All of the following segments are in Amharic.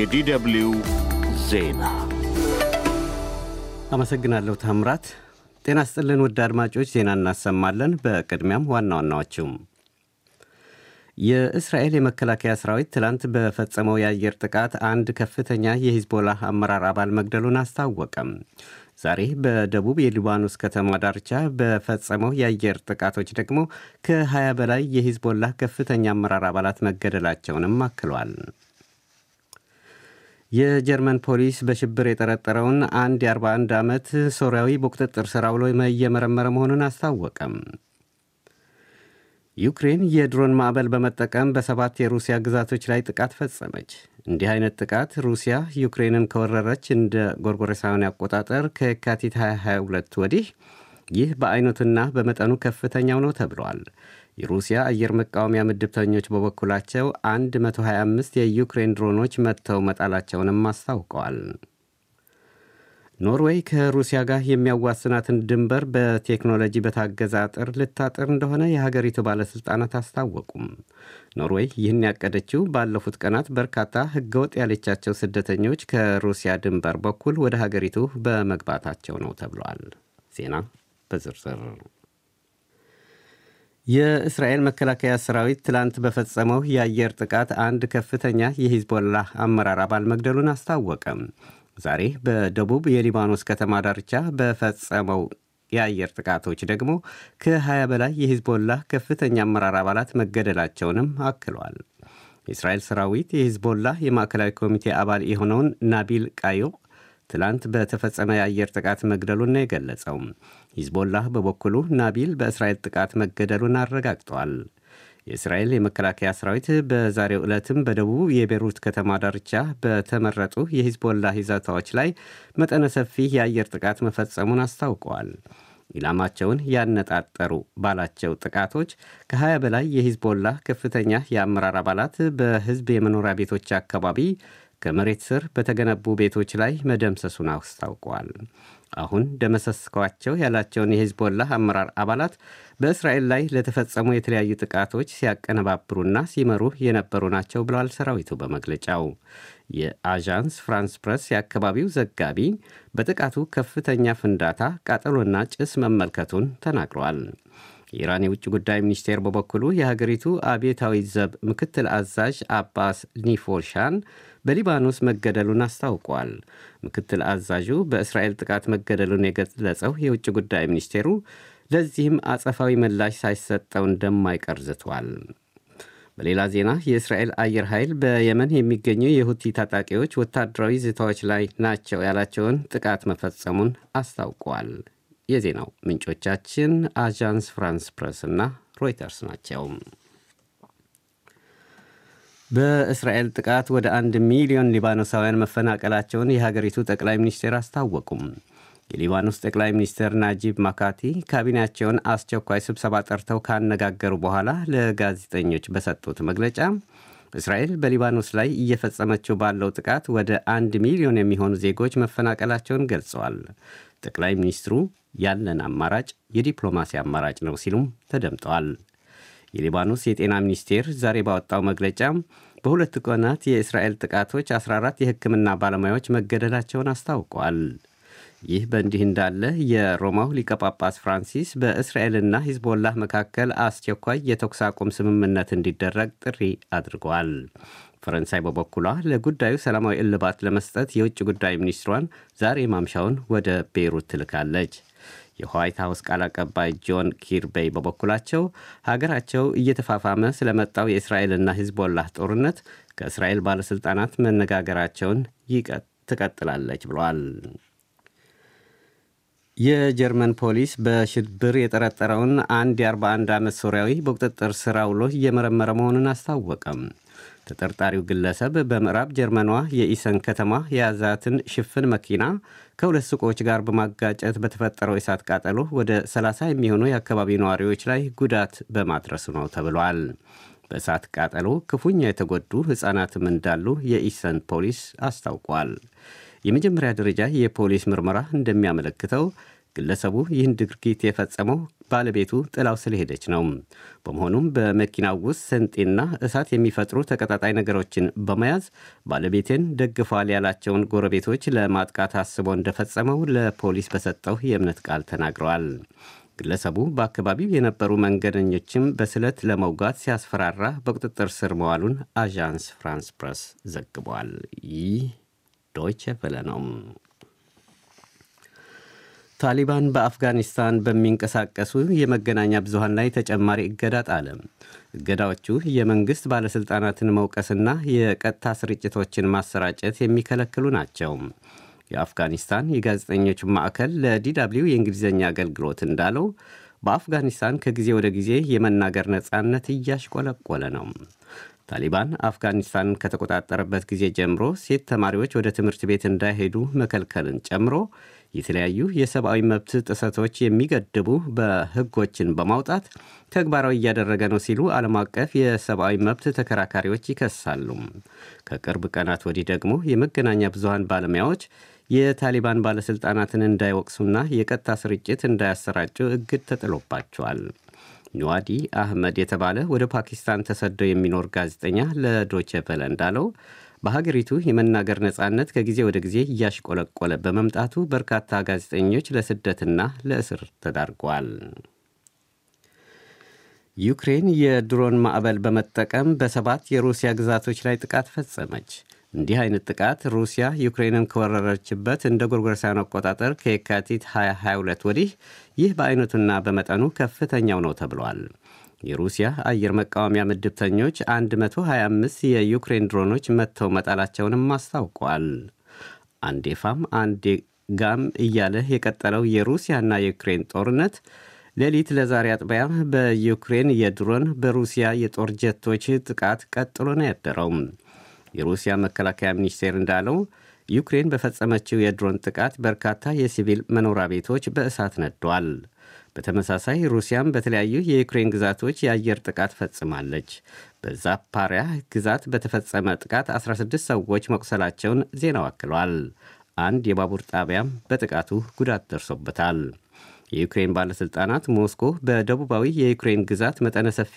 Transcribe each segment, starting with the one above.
የዲደብልዩ ዜና አመሰግናለሁ ታምራት። ጤና ስጥልን ውድ አድማጮች፣ ዜና እናሰማለን። በቅድሚያም ዋና ዋናዎችም የእስራኤል የመከላከያ ሰራዊት ትላንት በፈጸመው የአየር ጥቃት አንድ ከፍተኛ የሂዝቦላ አመራር አባል መግደሉን አስታወቀም። ዛሬ በደቡብ የሊባኖስ ከተማ ዳርቻ በፈጸመው የአየር ጥቃቶች ደግሞ ከ20 በላይ የሂዝቦላ ከፍተኛ አመራር አባላት መገደላቸውንም አክሏል። የጀርመን ፖሊስ በሽብር የጠረጠረውን አንድ የ41 ዓመት ሶሪያዊ በቁጥጥር ስር አውሎ እየመረመረ መሆኑን አስታወቀም። ዩክሬን የድሮን ማዕበል በመጠቀም በሰባት የሩሲያ ግዛቶች ላይ ጥቃት ፈጸመች። እንዲህ አይነት ጥቃት ሩሲያ ዩክሬንን ከወረረች እንደ ጎርጎሮሳውያን አቆጣጠር ከየካቲት 222 ወዲህ ይህ በአይነቱና በመጠኑ ከፍተኛው ነው ተብሏል። የሩሲያ አየር መቃወሚያ ምድብተኞች በበኩላቸው 125 የዩክሬን ድሮኖች መጥተው መጣላቸውንም አስታውቀዋል። ኖርዌይ ከሩሲያ ጋር የሚያዋስናትን ድንበር በቴክኖሎጂ በታገዘ አጥር ልታጥር እንደሆነ የሀገሪቱ ባለሥልጣናት አስታወቁም። ኖርዌይ ይህን ያቀደችው ባለፉት ቀናት በርካታ ሕገወጥ ያለቻቸው ስደተኞች ከሩሲያ ድንበር በኩል ወደ ሀገሪቱ በመግባታቸው ነው ተብሏል። ዜና በዝርዝር የእስራኤል መከላከያ ሰራዊት ትላንት በፈጸመው የአየር ጥቃት አንድ ከፍተኛ የሂዝቦላ አመራር አባል መግደሉን አስታወቀም። ዛሬ በደቡብ የሊባኖስ ከተማ ዳርቻ በፈጸመው የአየር ጥቃቶች ደግሞ ከ20 በላይ የሂዝቦላ ከፍተኛ አመራር አባላት መገደላቸውንም አክሏል። የእስራኤል ሰራዊት የሂዝቦላ የማዕከላዊ ኮሚቴ አባል የሆነውን ናቢል ቃዮ ትላንት በተፈጸመ የአየር ጥቃት መግደሉን ነው የገለጸው። ሂዝቦላህ በበኩሉ ናቢል በእስራኤል ጥቃት መገደሉን አረጋግጧል። የእስራኤል የመከላከያ ሰራዊት በዛሬው ዕለትም በደቡብ የቤሩት ከተማ ዳርቻ በተመረጡ የሂዝቦላ ይዘታዎች ላይ መጠነ ሰፊ የአየር ጥቃት መፈጸሙን አስታውቀዋል። ኢላማቸውን ያነጣጠሩ ባላቸው ጥቃቶች ከ20 በላይ የሂዝቦላ ከፍተኛ የአመራር አባላት በሕዝብ የመኖሪያ ቤቶች አካባቢ ከመሬት ስር በተገነቡ ቤቶች ላይ መደምሰሱን አስታውቋል። አሁን ደመሰስኳቸው ያላቸውን የሂዝቦላህ አመራር አባላት በእስራኤል ላይ ለተፈጸሙ የተለያዩ ጥቃቶች ሲያቀነባብሩና ሲመሩ የነበሩ ናቸው ብለዋል ሰራዊቱ በመግለጫው። የአዣንስ ፍራንስ ፕረስ የአካባቢው ዘጋቢ በጥቃቱ ከፍተኛ ፍንዳታ፣ ቃጠሎና ጭስ መመልከቱን ተናግረዋል። የኢራን የውጭ ጉዳይ ሚኒስቴር በበኩሉ የሀገሪቱ አብዮታዊ ዘብ ምክትል አዛዥ አባስ ኒፎርሻን በሊባኖስ መገደሉን አስታውቋል። ምክትል አዛዡ በእስራኤል ጥቃት መገደሉን የገለጸው የውጭ ጉዳይ ሚኒስቴሩ ለዚህም አጸፋዊ ምላሽ ሳይሰጠው እንደማይቀር ዝቷል። በሌላ ዜና የእስራኤል አየር ኃይል በየመን የሚገኙ የሁቲ ታጣቂዎች ወታደራዊ ዝታዎች ላይ ናቸው ያላቸውን ጥቃት መፈጸሙን አስታውቋል። የዜናው ምንጮቻችን አጃንስ ፍራንስ ፕረስ እና ሮይተርስ ናቸው። በእስራኤል ጥቃት ወደ አንድ ሚሊዮን ሊባኖሳውያን መፈናቀላቸውን የሀገሪቱ ጠቅላይ ሚኒስቴር አስታወቁም። የሊባኖስ ጠቅላይ ሚኒስትር ናጂብ ማካቲ ካቢኔያቸውን አስቸኳይ ስብሰባ ጠርተው ካነጋገሩ በኋላ ለጋዜጠኞች በሰጡት መግለጫ እስራኤል በሊባኖስ ላይ እየፈጸመችው ባለው ጥቃት ወደ አንድ ሚሊዮን የሚሆኑ ዜጎች መፈናቀላቸውን ገልጸዋል። ጠቅላይ ሚኒስትሩ ያለን አማራጭ የዲፕሎማሲ አማራጭ ነው ሲሉም ተደምጠዋል። የሊባኖስ የጤና ሚኒስቴር ዛሬ ባወጣው መግለጫ በሁለት ቀናት የእስራኤል ጥቃቶች 14 የሕክምና ባለሙያዎች መገደላቸውን አስታውቋል። ይህ በእንዲህ እንዳለ የሮማው ሊቀ ጳጳስ ፍራንሲስ በእስራኤልና ሂዝቦላህ መካከል አስቸኳይ የተኩስ አቁም ስምምነት እንዲደረግ ጥሪ አድርገዋል። ፈረንሳይ በበኩሏ ለጉዳዩ ሰላማዊ እልባት ለመስጠት የውጭ ጉዳይ ሚኒስትሯን ዛሬ ማምሻውን ወደ ቤይሩት ትልካለች። የዋይት ሀውስ ቃል አቀባይ ጆን ኪርቤይ በበኩላቸው ሀገራቸው እየተፋፋመ ስለመጣው የእስራኤልና ሂዝቦላህ ጦርነት ከእስራኤል ባለሥልጣናት መነጋገራቸውን ትቀጥላለች ብሏል። የጀርመን ፖሊስ በሽብር የጠረጠረውን አንድ የ41 ዓመት ሶሪያዊ በቁጥጥር ስር አውሎ እየመረመረ መሆኑን አስታወቀም። ተጠርጣሪው ግለሰብ በምዕራብ ጀርመኗ የኢሰን ከተማ የያዛትን ሽፍን መኪና ከሁለት ሱቆች ጋር በማጋጨት በተፈጠረው የእሳት ቃጠሎ ወደ 30 የሚሆኑ የአካባቢ ነዋሪዎች ላይ ጉዳት በማድረሱ ነው ተብሏል። በእሳት ቃጠሎ ክፉኛ የተጎዱ ሕፃናትም እንዳሉ የኢሰን ፖሊስ አስታውቋል። የመጀመሪያ ደረጃ የፖሊስ ምርመራ እንደሚያመለክተው ግለሰቡ ይህን ድርጊት የፈጸመው ባለቤቱ ጥላው ስለሄደች ነው። በመሆኑም በመኪናው ውስጥ ስንጤና እሳት የሚፈጥሩ ተቀጣጣይ ነገሮችን በመያዝ ባለቤቴን ደግፏል ያላቸውን ጎረቤቶች ለማጥቃት አስቦ እንደፈጸመው ለፖሊስ በሰጠው የእምነት ቃል ተናግረዋል። ግለሰቡ በአካባቢው የነበሩ መንገደኞችም በስለት ለመውጋት ሲያስፈራራ በቁጥጥር ስር መዋሉን አዣንስ ፍራንስ ፕረስ ዘግቧል። ይህ ዶይቸ ቨለ ነው። ታሊባን በአፍጋኒስታን በሚንቀሳቀሱ የመገናኛ ብዙሃን ላይ ተጨማሪ እገዳ ጣለ። እገዳዎቹ የመንግሥት ባለሥልጣናትን መውቀስና የቀጥታ ስርጭቶችን ማሰራጨት የሚከለክሉ ናቸው። የአፍጋኒስታን የጋዜጠኞች ማዕከል ለዲደብሊው የእንግሊዝኛ አገልግሎት እንዳለው በአፍጋኒስታን ከጊዜ ወደ ጊዜ የመናገር ነጻነት እያሽቆለቆለ ነው። ታሊባን አፍጋኒስታንን ከተቆጣጠረበት ጊዜ ጀምሮ ሴት ተማሪዎች ወደ ትምህርት ቤት እንዳይሄዱ መከልከልን ጨምሮ የተለያዩ የሰብአዊ መብት ጥሰቶች የሚገድቡ በህጎችን በማውጣት ተግባራዊ እያደረገ ነው ሲሉ ዓለም አቀፍ የሰብአዊ መብት ተከራካሪዎች ይከሳሉ። ከቅርብ ቀናት ወዲህ ደግሞ የመገናኛ ብዙሃን ባለሙያዎች የታሊባን ባለሥልጣናትን እንዳይወቅሱና የቀጥታ ስርጭት እንዳያሰራጩ እግድ ተጥሎባቸዋል። ኑዋዲ አህመድ የተባለ ወደ ፓኪስታን ተሰዶ የሚኖር ጋዜጠኛ ለዶቼ ቨለ እንዳለው በሀገሪቱ የመናገር ነጻነት ከጊዜ ወደ ጊዜ እያሽቆለቆለ በመምጣቱ በርካታ ጋዜጠኞች ለስደትና ለእስር ተዳርጓል። ዩክሬን የድሮን ማዕበል በመጠቀም በሰባት የሩሲያ ግዛቶች ላይ ጥቃት ፈጸመች። እንዲህ አይነት ጥቃት ሩሲያ ዩክሬንን ከወረረችበት እንደ ጎርጎሮሳውያን አቆጣጠር ከየካቲት 2022 ወዲህ ይህ በአይነቱና በመጠኑ ከፍተኛው ነው ተብሏል። የሩሲያ አየር መቃወሚያ ምድብተኞች 125 የዩክሬን ድሮኖች መጥተው መጣላቸውንም አስታውቋል። አንዴ ፋም አንዴ ጋም እያለ የቀጠለው የሩሲያና የዩክሬን ጦርነት ሌሊት ለዛሬ አጥቢያ በዩክሬን የድሮን በሩሲያ የጦር ጀቶች ጥቃት ቀጥሎ ነው ያደረው። የሩሲያ መከላከያ ሚኒስቴር እንዳለው ዩክሬን በፈጸመችው የድሮን ጥቃት በርካታ የሲቪል መኖሪያ ቤቶች በእሳት ነዷል። በተመሳሳይ ሩሲያም በተለያዩ የዩክሬን ግዛቶች የአየር ጥቃት ፈጽማለች። በዛፓሪያ ግዛት በተፈጸመ ጥቃት 16 ሰዎች መቁሰላቸውን ዜናው አክሏል። አንድ የባቡር ጣቢያም በጥቃቱ ጉዳት ደርሶበታል። የዩክሬን ባለሥልጣናት ሞስኮ በደቡባዊ የዩክሬን ግዛት መጠነ ሰፊ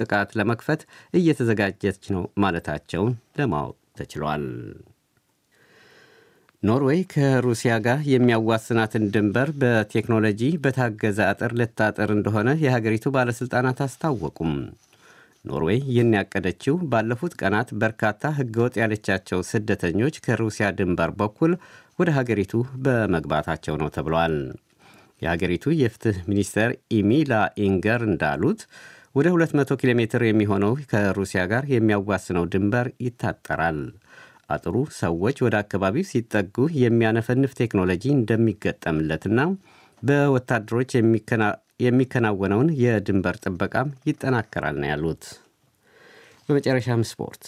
ጥቃት ለመክፈት እየተዘጋጀች ነው ማለታቸውን ለማወቅ ተችሏል። ኖርዌይ ከሩሲያ ጋር የሚያዋስናትን ድንበር በቴክኖሎጂ በታገዘ አጥር ልታጥር እንደሆነ የሀገሪቱ ባለሥልጣናት አስታወቁም። ኖርዌይ ይህን ያቀደችው ባለፉት ቀናት በርካታ ሕገወጥ ያለቻቸው ስደተኞች ከሩሲያ ድንበር በኩል ወደ ሀገሪቱ በመግባታቸው ነው ተብሏል። የሀገሪቱ የፍትህ ሚኒስተር ኢሚላ ኢንገር እንዳሉት ወደ 200 ኪሎ ሜትር የሚሆነው ከሩሲያ ጋር የሚያዋስነው ድንበር ይታጠራል። አጥሩ ሰዎች ወደ አካባቢው ሲጠጉ የሚያነፈንፍ ቴክኖሎጂ እንደሚገጠምለትና በወታደሮች የሚከናወነውን የድንበር ጥበቃም ይጠናከራል ነው ያሉት። በመጨረሻም ስፖርት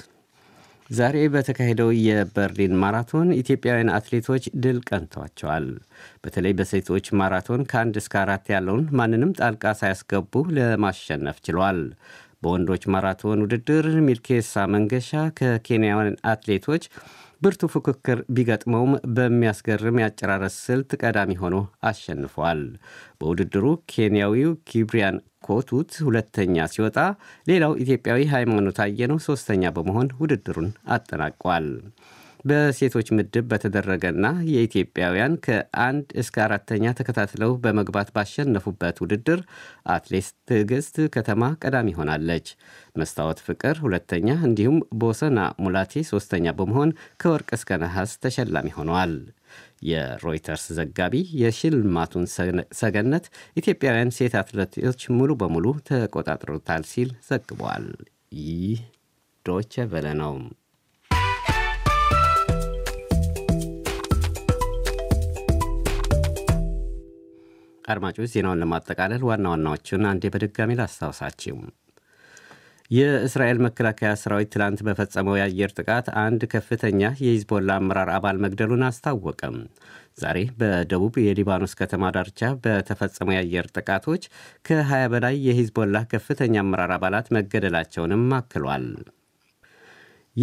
ዛሬ በተካሄደው የበርሊን ማራቶን ኢትዮጵያውያን አትሌቶች ድል ቀንቷቸዋል። በተለይ በሴቶች ማራቶን ከአንድ እስከ አራት ያለውን ማንንም ጣልቃ ሳያስገቡ ለማሸነፍ ችሏል። በወንዶች ማራቶን ውድድር ሚልኬሳ መንገሻ ከኬንያውያን አትሌቶች ብርቱ ፉክክር ቢገጥመውም በሚያስገርም የአጨራረስ ስልት ቀዳሚ ሆኖ አሸንፏል። በውድድሩ ኬንያዊው ኪብሪያን ኮቱት ሁለተኛ ሲወጣ፣ ሌላው ኢትዮጵያዊ ሃይማኖት አየነው ሶስተኛ በመሆን ውድድሩን አጠናቋል። በሴቶች ምድብ በተደረገና የኢትዮጵያውያን ከአንድ እስከ አራተኛ ተከታትለው በመግባት ባሸነፉበት ውድድር አትሌት ትዕግስት ከተማ ቀዳሚ ሆናለች። መስታወት ፍቅር ሁለተኛ፣ እንዲሁም ቦሰና ሙላቴ ሶስተኛ በመሆን ከወርቅ እስከ ነሐስ ተሸላሚ ሆነዋል። የሮይተርስ ዘጋቢ የሽልማቱን ሰገነት ኢትዮጵያውያን ሴት አትሌቶች ሙሉ በሙሉ ተቆጣጥሮታል ሲል ዘግቧል። ይህ ዶቸ በለ ነው። አድማጮች ዜናውን ለማጠቃለል ዋና ዋናዎቹን አንዴ በድጋሚ ላስታውሳችሁ። የእስራኤል መከላከያ ሰራዊት ትላንት በፈጸመው የአየር ጥቃት አንድ ከፍተኛ የሂዝቦላ አመራር አባል መግደሉን አስታወቀም። ዛሬ በደቡብ የሊባኖስ ከተማ ዳርቻ በተፈጸመው የአየር ጥቃቶች ከ20 በላይ የሂዝቦላ ከፍተኛ አመራር አባላት መገደላቸውንም አክሏል።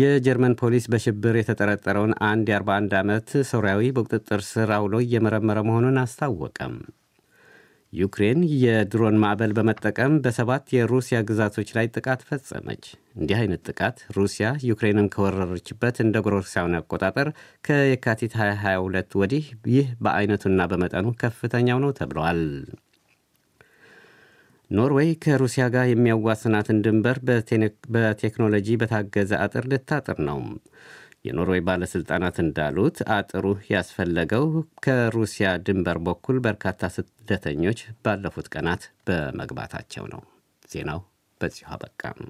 የጀርመን ፖሊስ በሽብር የተጠረጠረውን አንድ የ41 ዓመት ሶሪያዊ በቁጥጥር ስር አውሎ እየመረመረ መሆኑን አስታወቀም። ዩክሬን የድሮን ማዕበል በመጠቀም በሰባት የሩሲያ ግዛቶች ላይ ጥቃት ፈጸመች። እንዲህ አይነት ጥቃት ሩሲያ ዩክሬንን ከወረረችበት እንደ ጎርጎሮሳውያን አቆጣጠር ከየካቲት 2022 ወዲህ ይህ በአይነቱና በመጠኑ ከፍተኛው ነው ተብለዋል። ኖርዌይ ከሩሲያ ጋር የሚያዋስናትን ድንበር በቴክኖሎጂ በታገዘ አጥር ልታጥር ነው። የኖርዌይ ባለሥልጣናት እንዳሉት አጥሩ ያስፈለገው ከሩሲያ ድንበር በኩል በርካታ ስደተኞች ባለፉት ቀናት በመግባታቸው ነው። ዜናው በዚሁ አበቃም።